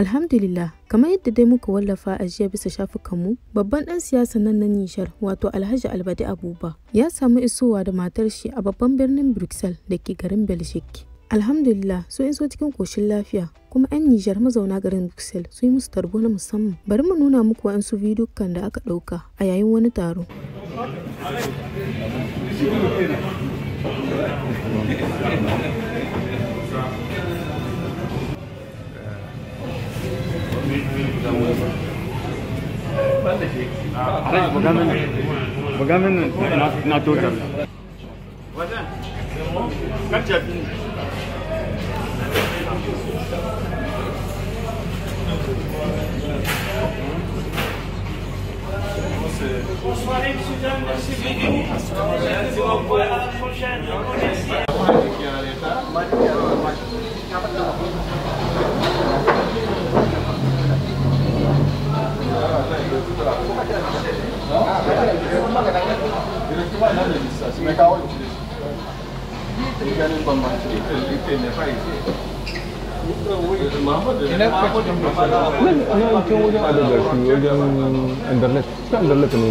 Alhamdulillah, kamar yadda dai muka wallafa a jiya bisa mu babban ɗan siyasa nan na Nishar, wato Alhaji Albadi Abuba, ya samu isowa da matar shi a babban birnin Brussels da ke garin belgium Alhamdulillah, so iso cikin koshin lafiya, kuma 'yan Nijar mazauna garin Brussels sun yi musu tarbo na musamman. Bari mu nuna muku wa'ansu bidiyon da aka ɗauka a yayin wani taro. Programmen na total. Wajen? Kan jabi ne. Osman'ın sizden nasıl bir Internet, internet ini.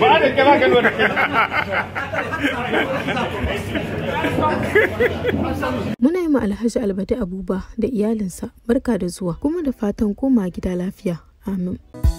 بعد الكلام قالوا Muna yi ma Alhaji Albadi Abuba da iyalinsa barka da zuwa kuma da fatan koma gida lafiya. Amin.